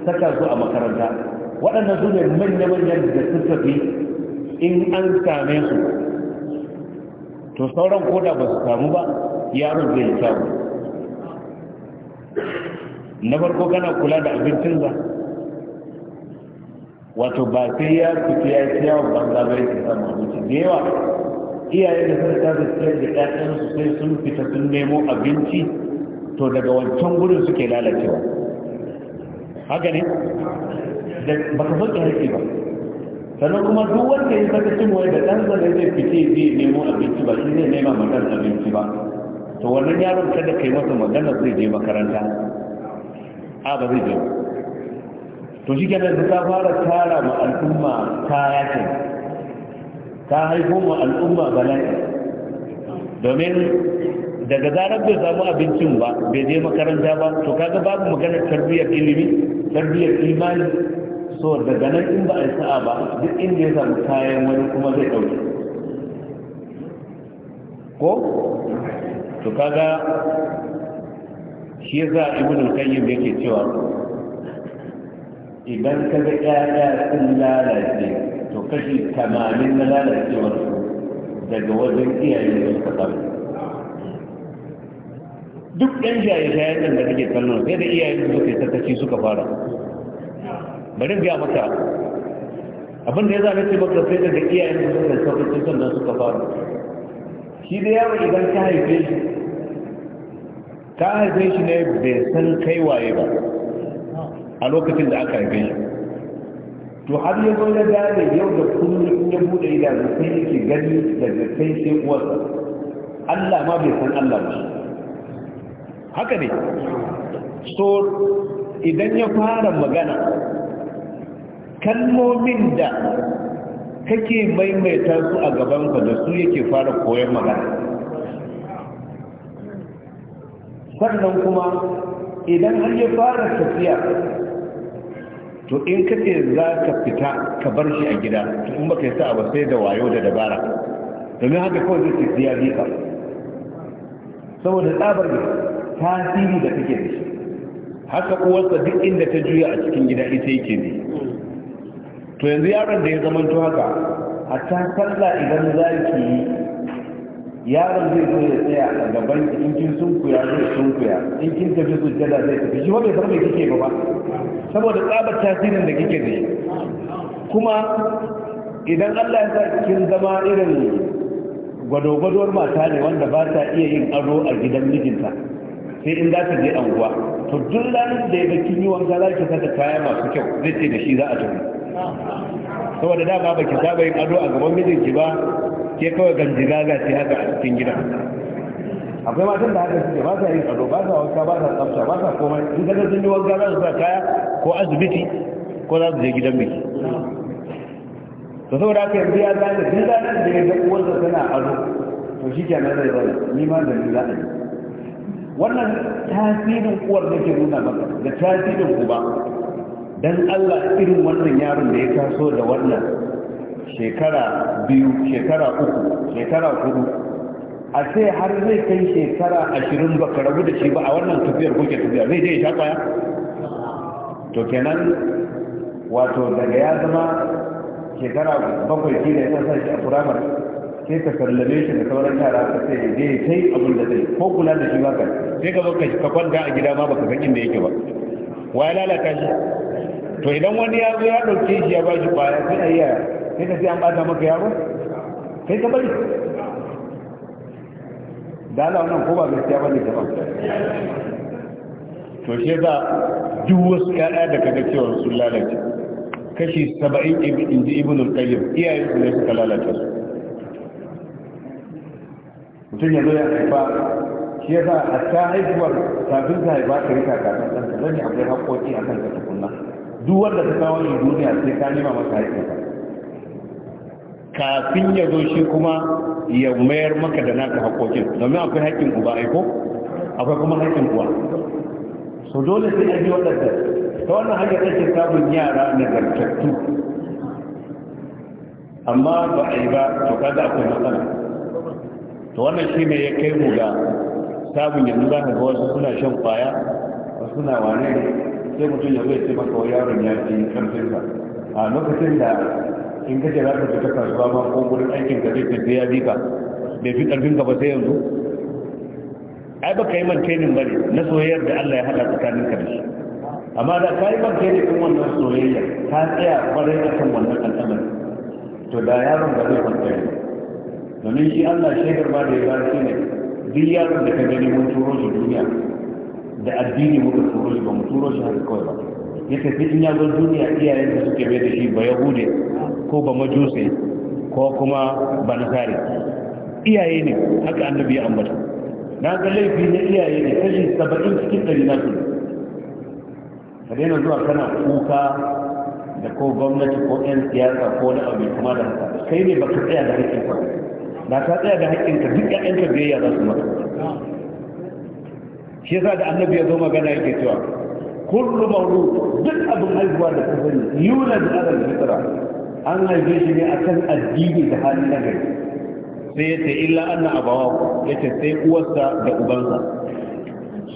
A: saka su a makaranta waɗanda su ne manya-manyan da suka fi in an same su to sauran koda ba su samu ba yaron zai samu na farko kana kula da abincin za wato ba sai ya fita ya ci yawon banza bai ta samu abinci da yawa iyaye da sun ta ciyar da su sai sun fita sun nemo abinci to daga wancan gudun suke lalacewa haka ne ba ka sauke ba sannan kuma duk wanda ya saka cin waye da ɗansa da zai fice zai nemo abinci ba shi zai nema magan abinci ba to wannan yaron kada kai masa magana zai je makaranta a ba zai je to shi kenan ta fara tara ma al'umma kaya ce ta haifo ma al'umma bala'i domin daga zarar bai samu abincin ba bai je makaranta ba to kaga babu maganar tarbiyyar ilimi tarbiyyar imani so daga nan in ba a yi sa'a ba duk inda ya samu kayan wani kuma zai ɗauki, ko to kaga shi ya za a ibn kayyim yake cewa idan ka ga ƴaƴa sun lalace to kashi tamanin na lalacewar su daga wajen iyayen da suka samu duk ɗan jaye-jayen da kake kallon sai da iyayen da suka yi sakaci suka fara bari biya maka abin da ya zama ce maka sai da iyayen da suka sauka sun nan suka fara shi da yawa idan ka haife shi ka haife shi ne bai san kai waye ba a lokacin da aka haife shi to har ya zo ya gane yau da kullum ya bude idanu sai yake gani daga kai sai uwarsa Allah ma bai san Allah ba haka ne so idan ya fara magana kalmomin da kake maimaita su a gabanka da su yake fara koyon magana sannan kuma idan har ya fara tafiya to in kake za ka fita ka bar shi a gida to in baka sa ba sai da wayo da dabara domin haka kawai zai tafiya ya ka saboda tsabar tasiri da kake da shi haka uwarsa duk inda ta juya a cikin gida ita yake ne to yanzu yaron da ya zama to haka can sallah idan za ki yi yaron zai zo ya tsaya a gaban in kin sunkuya zai kuya in kin tafi jada zai tafi shi wanda zama mai kike ba saboda tsabar tasirin da kike da kuma idan Allah ya sa kin zama irin gwadogwadowar mata ne wanda ba ta iya yin aro a gidan mijinta sai in za ta je anguwa to duk ranar da ya ga kin yi wanka za ki saka kaya masu kyau zai ce da shi za a tafi saboda dama ba ki saba yin ado a gaban mijinki ba ke kawai ganjiga za ce haka a cikin gida akwai matan da haka suke ba sa yin ado ba sa wanka ba sa tsafta ba sa komai in kaga sun yi wanka za su sa kaya ko asibiti ko za su je gidan biki to saboda haka yanzu ya gane duk ranar da ya ga uwarsa tana ado to shi ke kenan zai zana ni ma da ni za a yi wannan tasirin uwar da ke nuna maka da tasirin uba dan Allah irin wannan yaron da ya taso da wannan shekara biyu shekara uku shekara hudu a sai har zai kai shekara ashirin ba ka rabu da shi ba a wannan tafiyar kuke tafiya zai je ya sha kwaya to kenan wato daga ya zama shekara bakwai shi da ya sa shi a firamar sai ka sallame shi da sauran yara ka sai da ya kai abin da zai ko kula da shi ba ka sai ka zo ka kwanta a gida ma baka san inda yake ba wa ya lalata shi to idan wani ya zo ya ɗauke shi ya ba shi kwaya sai a yi sai ka sai an bata maka yaro sai ka bari da ala wannan ko ba gaskiya ba ne ba. to shi za duk wasu yaya da kaga cewa sun lalace kashi saba'in in ji al qayyim iyayen su ne suka lalace su mutum ya zo ya haifa shi ya a ta haihuwar kafin ta haifa ka rika kafin ɗanka zan yi akwai haƙoƙi a kan ka duk wanda ka kawo shi duniya sai ka nima maka haƙƙin kafin ya zo shi kuma ya mayar maka da naka haƙoƙin domin akwai haƙƙin uba aiko akwai kuma haƙƙin uwa so dole sai ya bi wadanda ta wannan hanyar ake samun yara na zartattu? amma ba a yi ba to kada akwai matsala to wannan shi ne ya kai mu ga samun yanzu za ka ga wasu suna shan kwaya wasu suna wane sai mutum ya zai ce maka wa yaron ya ce karfin sa a lokacin da in kace za ka fita kasuwa ma ko gurin aikin ka zai tafi ya bika bai fi karfin ka ba sai yanzu ai baka yi man training bane na soyayyar da Allah ya hada tsakanin ka da shi amma da kai man training din wannan soyayya ta tsaya kwarai kan wannan al'amari to da yaron ba zai kwanta ne domin shi Allah shaidar ba da ya ba shi ne duk yaron da ka gani mun turo shi duniya da addini muka turo shi ba mu turo shi haka kawai ba ya tafi in yazo duniya iyayen da suke bai da shi ba yahude ko ba majusi ko kuma ba nasari iyaye ne haka annabi ya ambata na ga laifi na iyaye ne kashi saba'in cikin ɗari na su ka daina zuwa kana kuka da ko gwamnati ko 'yan siyasa ko na abu kuma da haka kai ne baka tsaya da haƙƙinka ka da ka tsaya da haƙƙinka ka duk 'ya'yanka biyayya za su mata shi yasa da annabi ya zo magana yake cewa kullu mawlud duk abin haihuwa da ta sani yulad ala fitra an haife shi ne akan addini da hali na gari sai ya ce illa anna abawahu ya ce sai uwarsa da ubansa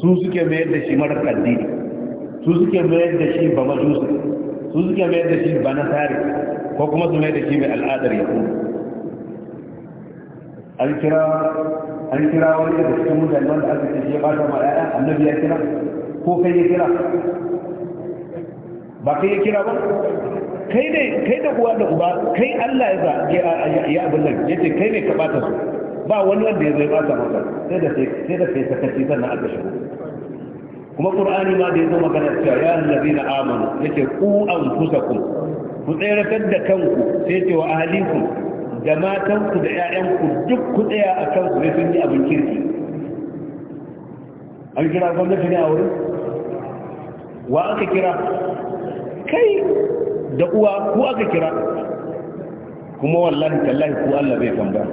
A: su suke mayar da shi marar addini su suke mayar da shi ba majusi su suke mayar da shi ba nasari ko kuma su mayar da shi mai al'adar yahudu an kira wani daga cikin mutane wanda aka ce ya bata ma ƴaƴa annabi ya kira ko kai ya kira ba kai ya kira ba kai ne kai da kuwa da uba kai Allah ya zaɓe ya abin nan ya ce kai ne ka bata su ba wani wanda ya zai bata maka sai da sai da sai sakaci sannan aka shigo kuma qur'ani ma da yazo magana cewa ya allazina amanu yace ku anfusakum ku tsayar da kanku sai ce wa ahlikum da matanku da 'ya'yanku duk ku tsaya a kan su sun yi abin kirki an kira gwamnati ne a wurin wa aka kira kai da uwa ku aka kira kuma wallahi tallahi ku Allah bai tambaya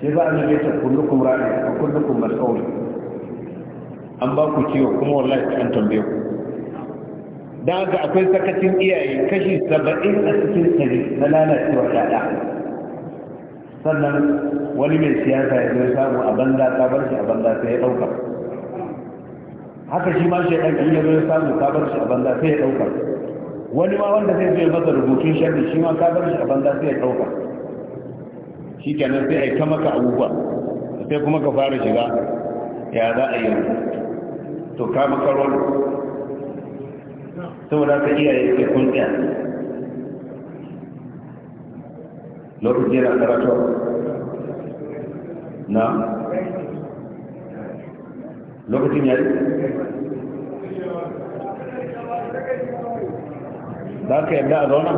A: sai ba a nake ta kullukum rari a kullukum mas'ul an ba ku ciwo kuma wallahi an tambaye ku Da haka akwai sakacin iyaye kashi saba'in a cikin tare na lalacewa ɗaɗa sannan wani mai siyasa ya zai samu a banza ta bar shi a banza sai ya ɗauka haka shi ma shi ɗan ya zai samu ta bar shi a banza sai ya ɗauka wani ma wanda sai zai masa rubutun shafi shi ma ka bar shi a banza sai ya ɗauka shi kenan sai a yi ta maka abubuwa sai kuma ka fara shiga ya za a yi to ka makarwar saboda ka iyaye ke kun tsaya lokacin yana karatu na lokacin yari yi za ka yadda a zauna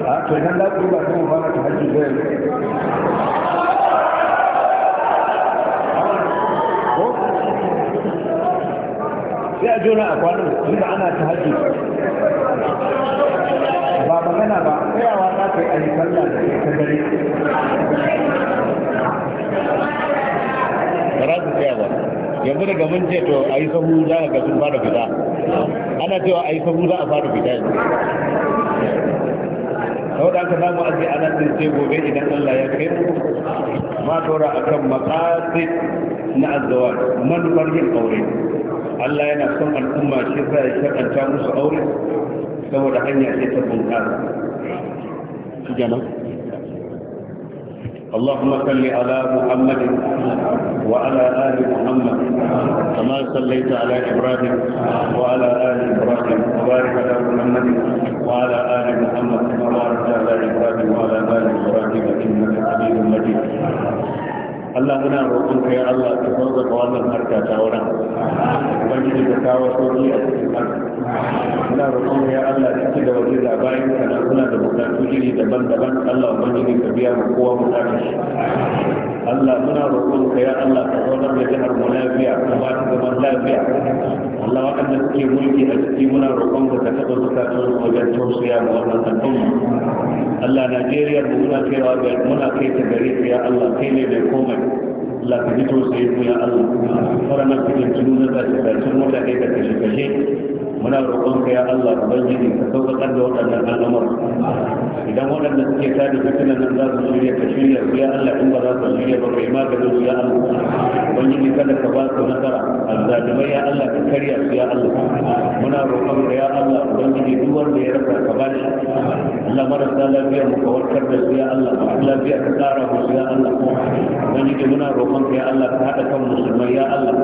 A: a to idan za ku yi ba kuma fara ta hajji zai sai a jona a kwanan da ana ta hajji ba magana ba tsayawa za ka a yi sallah da ta dare ba za su tsaya ba yanzu daga mun ce to a yi sahu za ka sun fara fita ana cewa a yi sahu za a fara fita sau da aka samu aji ana sun ce gobe idan allah ya kai ma tora akan matsatsi na azawa manufar yin aure Allah yana son al'umma shi za ya shakanta musu aure saboda hanya ce ta bunƙasa اللهم صل على محمد وعلى آل محمد كما صليت على إبراهيم وعلى آل إبراهيم وبارك على محمد وعلى آل محمد كما باركت على إبراهيم وعلى آل إبراهيم إنك حميد مجيد Allah muna roƙon ka ya Allah ka sauka ga wannan harka ta wurin ubangiji ka kawo sauki a cikin harka muna roƙon ka ya Allah ka a bayan kana suna da bukatu iri daban-daban Allah ubangiji ka biya mu kowa bukatar shi Allah muna roƙon ka ya Allah ka zaunar da jihar mu lafiya ka ba ta zaman lafiya Allah waɗanda suke mulki a ciki muna roƙon ka ka taɓa bukatun wajen tausaya ga wannan al'umma Allah Najeriya mu muna kaiwa ga muna kai ta gare ka ya Allah kai ne mai komai Allah ka ji tausayi mu ya Allah fara na cikin tunan da ta mutane da kashe-kashe muna roƙon ka ya Allah ka bar jini ka sauƙaƙar da waɗannan al'amar idan waɗanda suke tada fitinan nan za su shirya ka shirya su ya Allah in ba za su shirya ba kai maganin su ya Allah ban yi kada ka ba su nasara azzalimai ya Allah ka karya su ya Allah muna roƙon ka ya Allah ubangiji duwar da ya rasa ka ba shi Allah marasa lafiya mu ka warkar da su ya Allah lafiya ka tsara mu ya Allah ban yi muna roƙon ka ya Allah ka haɗa kan musulmai ya Allah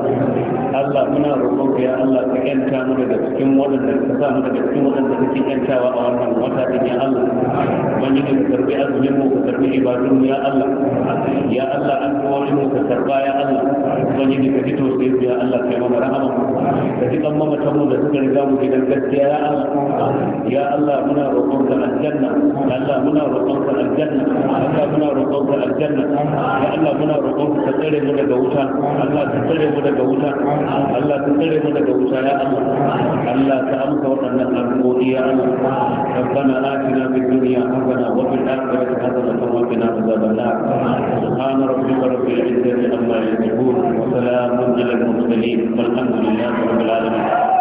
A: Allah muna roƙon ka ya Allah ka ƴanta mu daga cikin cikin waɗanda ka sa mu daga cikin waɗanda kake a wannan wata din ya Allah wani ne ka karbi azumin mu ka karbi ibadun mu ya Allah ya Allah an kawo mu ka karba ya Allah wani ne ka fito sai ya Allah kai mana rahama ka ji kan mamatan mu da suka riga mu gidan gaskiya ya Allah ya Allah muna roƙon ka aljanna ya Allah muna roƙon ka aljanna Allah muna roƙon ka aljanna ya Allah muna roƙon ka tsare mu daga wuta Allah ka tsare mu daga wuta Allah ka tsare mu daga wuta ya Allah Allah ta amsa waɗannan addu'o'i ya Allah ta rabbana la tuna bi dunya hasana wa fil akhirati hasana wa qina adhaban nar subhana rabbika rabbil izzati amma yasifun wa salamun 'alal mursalin walhamdulillahi